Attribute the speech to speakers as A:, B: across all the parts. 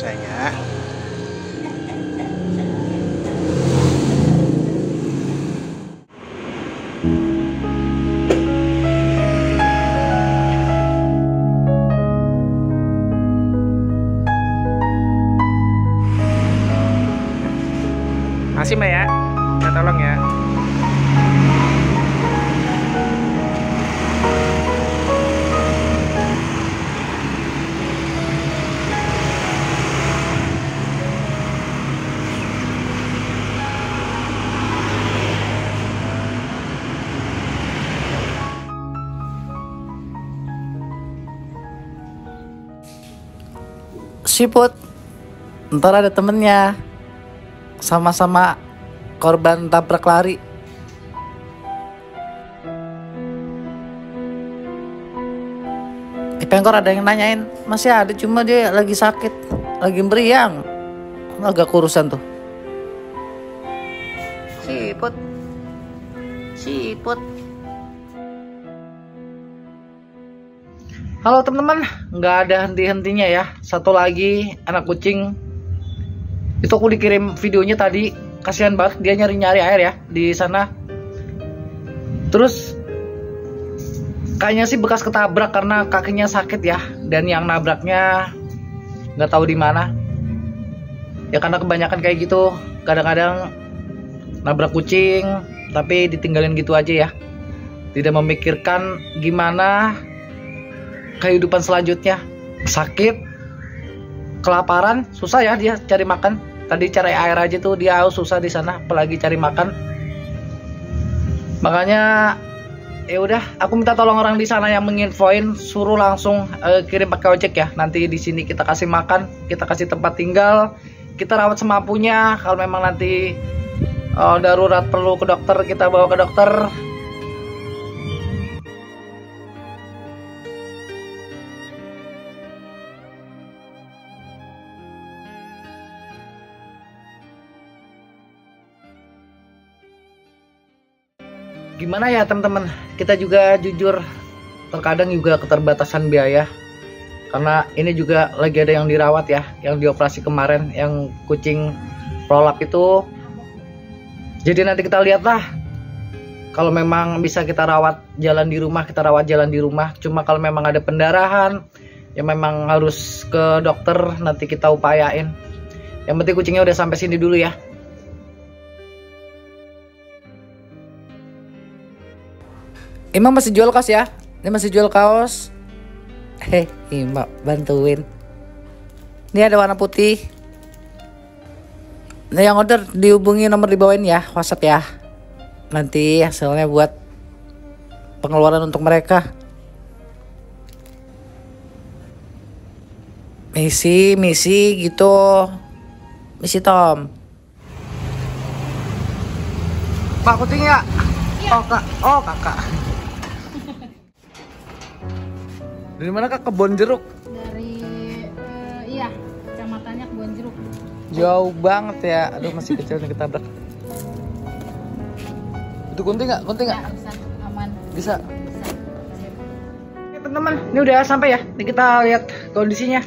A: sàn nhà siput ntar ada temennya sama-sama korban tabrak lari di pengkor ada yang nanyain masih ada cuma dia lagi sakit lagi meriang agak kurusan tuh siput siput Halo teman-teman, nggak ada henti-hentinya ya. Satu lagi anak kucing itu aku dikirim videonya tadi. Kasihan banget dia nyari-nyari air ya di sana. Terus kayaknya sih bekas ketabrak karena kakinya sakit ya dan yang nabraknya nggak tahu di mana. Ya karena kebanyakan kayak gitu, kadang-kadang nabrak kucing tapi ditinggalin gitu aja ya. Tidak memikirkan gimana kehidupan selanjutnya sakit kelaparan susah ya dia cari makan tadi cari air aja tuh dia harus susah di sana apalagi cari makan makanya ya udah aku minta tolong orang di sana yang menginfoin suruh langsung uh, kirim pakai ojek ya nanti di sini kita kasih makan kita kasih tempat tinggal kita rawat semampunya kalau memang nanti uh, darurat perlu ke dokter kita bawa ke dokter gimana ya teman-teman kita juga jujur terkadang juga keterbatasan biaya karena ini juga lagi ada yang dirawat ya yang dioperasi kemarin yang kucing prolap itu jadi nanti kita lihatlah kalau memang bisa kita rawat jalan di rumah kita rawat jalan di rumah cuma kalau memang ada pendarahan ya memang harus ke dokter nanti kita upayain yang penting kucingnya udah sampai sini dulu ya Imam masih jual kaos ya? Ini masih jual kaos. Heh, Imam bantuin. Ini ada warna putih. Nah yang order dihubungi nomor di bawah ini ya, WhatsApp ya. Nanti hasilnya buat pengeluaran untuk mereka. Misi, misi gitu. Misi Tom. Pak kucing ya? Iya. Oh, kak. oh kakak. Dari mana kak? Kebon jeruk? Dari uh, iya, kecamatannya Kebon jeruk. Jauh banget ya. Aduh masih kecil nih ketabrak. Itu kunti nggak? Kunti nggak? Iya, bisa, aman. Bisa. bisa. Teman-teman, ini udah sampai ya. Ini kita lihat kondisinya.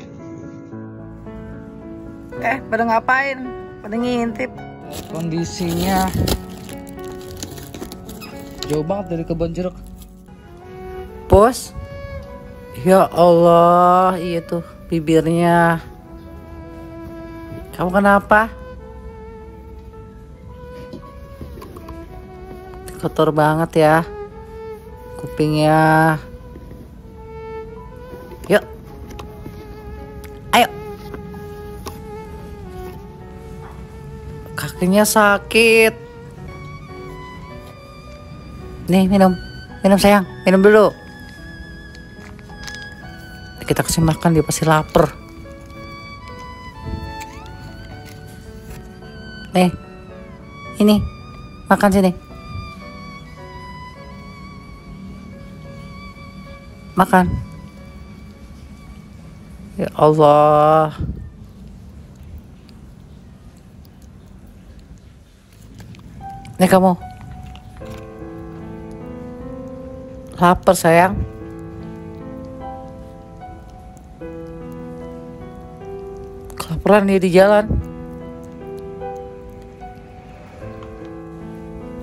A: Eh, pada ngapain? Pada ngintip. Kondisinya jauh banget dari kebon jeruk. Bos, Ya Allah, iya tuh bibirnya. Kamu kenapa? Kotor banget ya. Kupingnya. Yuk. Ayo. Kakinya sakit. Nih minum. Minum sayang, minum dulu kita kasih makan dia pasti lapar eh ini makan sini makan ya Allah ini kamu lapar sayang Peran dia ya di jalan.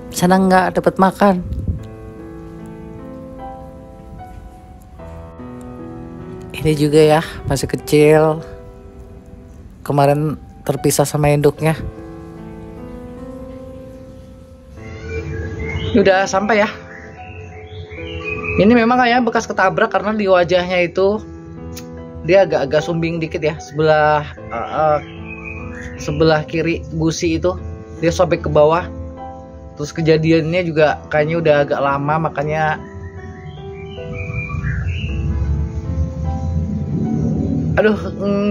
A: Sana nggak dapat makan. Ini juga ya masih kecil. Kemarin terpisah sama induknya. Udah sampai ya. Ini memang kayaknya bekas ketabrak karena di wajahnya itu dia agak-agak sumbing dikit ya sebelah uh, uh, sebelah kiri gusi itu dia sobek ke bawah terus kejadiannya juga kayaknya udah agak lama makanya aduh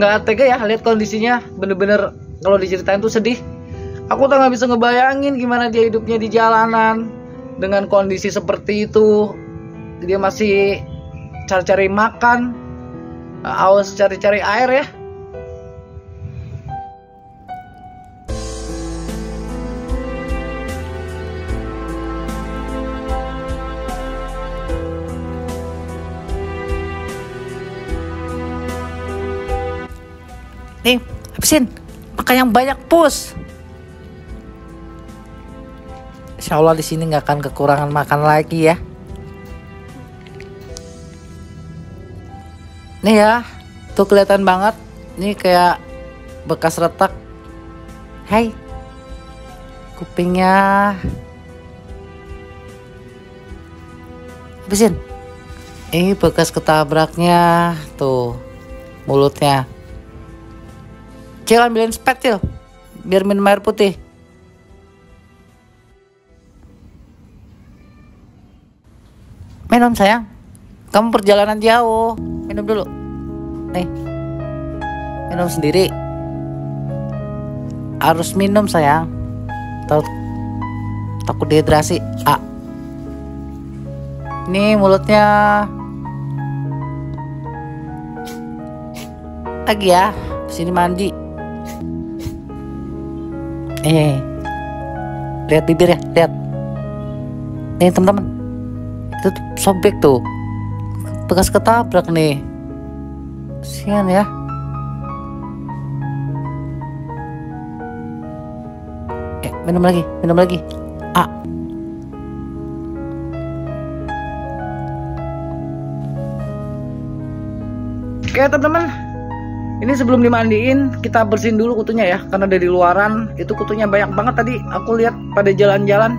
A: nggak tega ya lihat kondisinya bener-bener kalau diceritain tuh sedih aku tuh nggak bisa ngebayangin gimana dia hidupnya di jalanan dengan kondisi seperti itu dia masih cari-cari makan aus cari-cari air ya. Nih, habisin. Makan yang banyak, pus. Insya Allah di sini nggak akan kekurangan makan lagi ya. Nih ya, tuh kelihatan banget. Ini kayak bekas retak. Hai, kupingnya. Habisin. Ini bekas ketabraknya tuh mulutnya. Cil ambilin spet cil, biar minum air putih. Minum sayang. Kamu perjalanan jauh. Minum dulu. Nih. Minum sendiri. Harus minum sayang. Takut takut dehidrasi. Ah. Ini mulutnya lagi ya. Sini mandi. Eh. Lihat bibir ya, lihat. Nih teman-teman. Itu sobek tuh bekas ketabrak nih sian ya eh minum lagi minum lagi ah Oke teman-teman, ini sebelum dimandiin kita bersihin dulu kutunya ya karena dari luaran itu kutunya banyak banget tadi aku lihat pada jalan-jalan.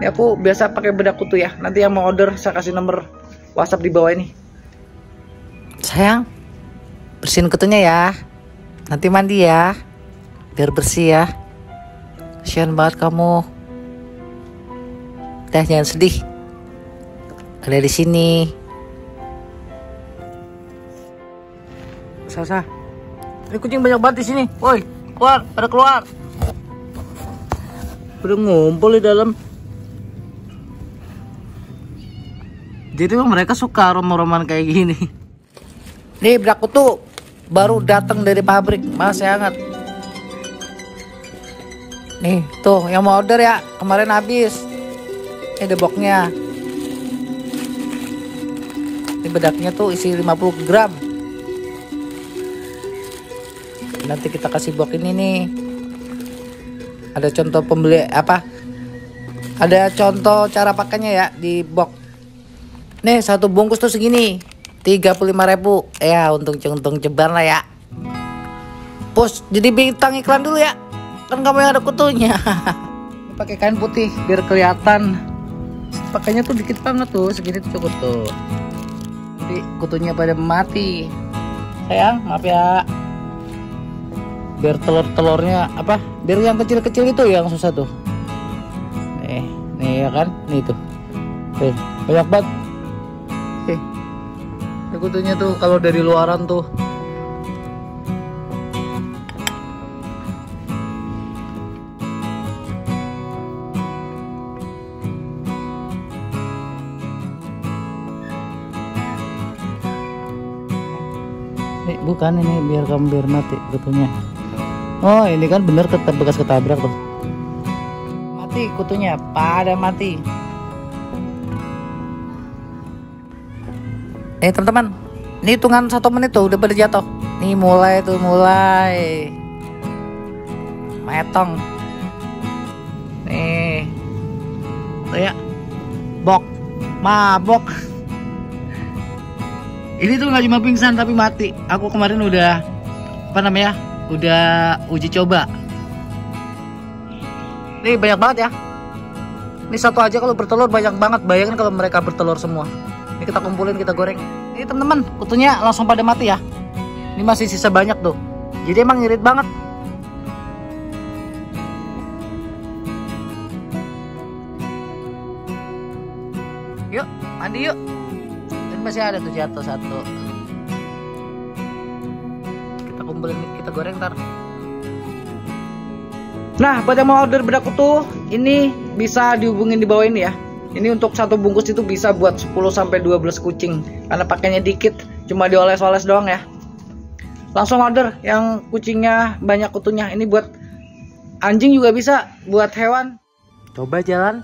A: Ini aku biasa pakai bedak kutu ya. Nanti yang mau order saya kasih nomor WhatsApp di bawah ini. Sayang, bersihin kutunya ya. Nanti mandi ya. Biar bersih ya. Kasihan banget kamu. Dah jangan sedih. Ada di sini. Sasa. Ini kucing banyak banget di sini. Woi, keluar, pada keluar. Udah ngumpul di dalam. Jadi mereka suka rumah-rumahan kayak gini. Nih beraku tuh baru datang dari pabrik masih hangat. Nih tuh yang mau order ya kemarin habis. Ini deboknya. Ini bedaknya tuh isi 50 gram. Nanti kita kasih box ini nih. Ada contoh pembeli apa? Ada contoh cara pakainya ya di box Nih satu bungkus tuh segini 35 ribu Ya untung-untung jeban lah ya Pus jadi bintang iklan dulu ya Kan kamu yang ada kutunya Pakai kain putih biar kelihatan Pakainya tuh dikit banget tuh Segini tuh cukup tuh Nanti kutunya pada mati Sayang maaf ya Biar telur-telurnya apa Biar yang kecil-kecil itu yang susah tuh Nih, nih ya kan Nih tuh Oke, banyak banget kutunya tuh kalau dari luaran tuh Nih, bukan ini biar kamu biar mati kutunya. Oh, ini kan bener bekas ketabrak tuh. Mati kutunya, pada mati. nih eh, teman-teman ini hitungan satu menit tuh udah pada jatuh nih mulai tuh mulai metong nih tuh ya bok mabok ini tuh nggak cuma pingsan tapi mati aku kemarin udah apa namanya udah uji coba nih banyak banget ya ini satu aja kalau bertelur banyak banget bayangin kalau mereka bertelur semua ini kita kumpulin kita goreng ini teman-teman kutunya langsung pada mati ya ini masih sisa banyak tuh jadi emang ngirit banget yuk mandi yuk dan masih ada tuh jatuh satu kita kumpulin kita goreng ntar nah buat yang mau order bedak kutu ini bisa dihubungin di bawah ini ya ini untuk satu bungkus itu bisa buat 10 sampai 12 kucing karena pakainya dikit cuma dioles-oles doang ya langsung order yang kucingnya banyak kutunya ini buat anjing juga bisa buat hewan coba jalan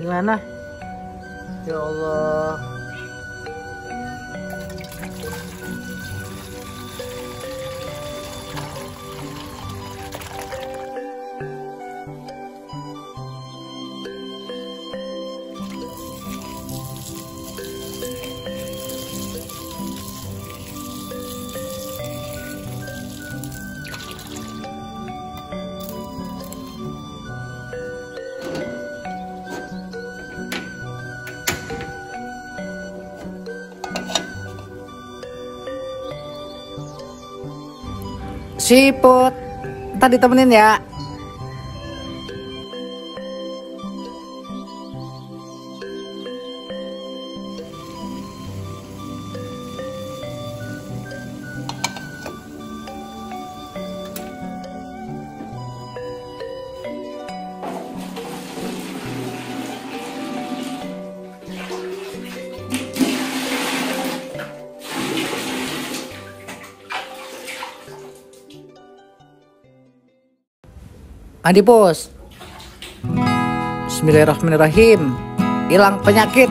A: gimana ya Allah Siput. Ntar ditemenin ya. Andi Bos. Bismillahirrahmanirrahim. Hilang penyakit.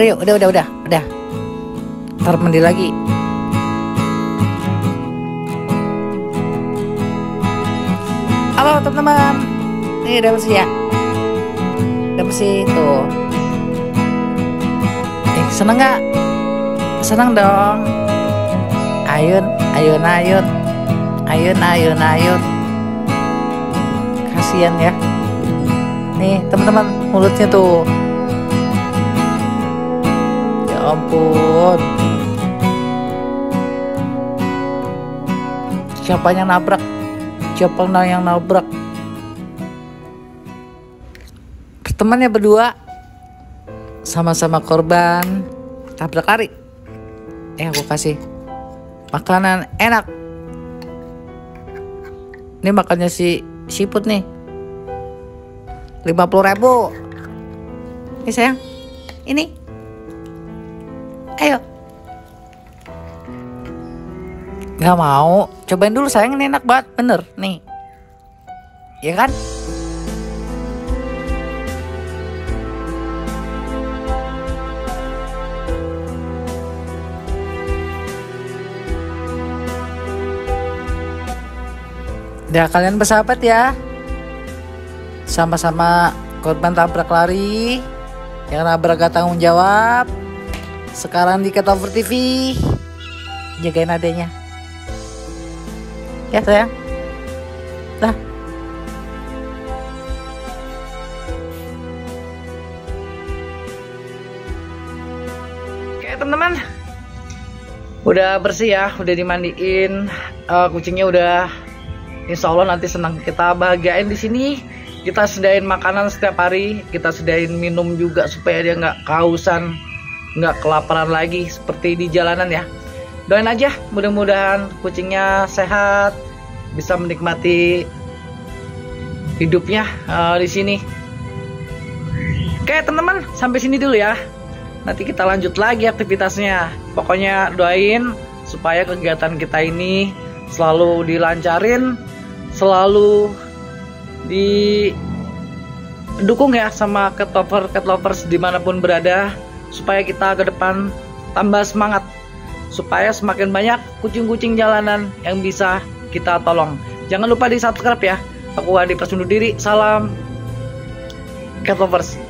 A: udah yuk, udah, udah, udah, udah. Ntar mandi lagi. Halo teman-teman, ini udah bersih ya? Udah bersih tuh. Eh, seneng nggak? Seneng dong. Ayun, ayun, ayun, ayun, ayun, ayun. Kasian ya. Nih teman-teman mulutnya tuh ampun siapa yang nabrak siapa yang nabrak temannya berdua sama-sama korban tabrak lari eh aku kasih makanan enak ini makannya si siput nih 50 ribu ini sayang ini Ayo. Gak mau. Cobain dulu sayang ini enak banget bener nih. Ya kan? Ya kalian bersahabat ya Sama-sama korban tabrak lari Yang nabrak gak tanggung jawab sekarang di Ketover TV jagain adanya ya sayang dah oke teman-teman udah bersih ya udah dimandiin uh, kucingnya udah insya Allah nanti senang kita bahagiain di sini kita sedain makanan setiap hari kita sedain minum juga supaya dia nggak kausan nggak kelaparan lagi seperti di jalanan ya. Doain aja, mudah-mudahan kucingnya sehat, bisa menikmati hidupnya uh, di sini. Oke teman-teman, sampai sini dulu ya. Nanti kita lanjut lagi aktivitasnya. Pokoknya doain supaya kegiatan kita ini selalu dilancarin, selalu didukung ya sama cat cat lovers dimanapun berada supaya kita ke depan tambah semangat supaya semakin banyak kucing-kucing jalanan yang bisa kita tolong. Jangan lupa di subscribe ya. Aku Adi Persundur diri. Salam lovers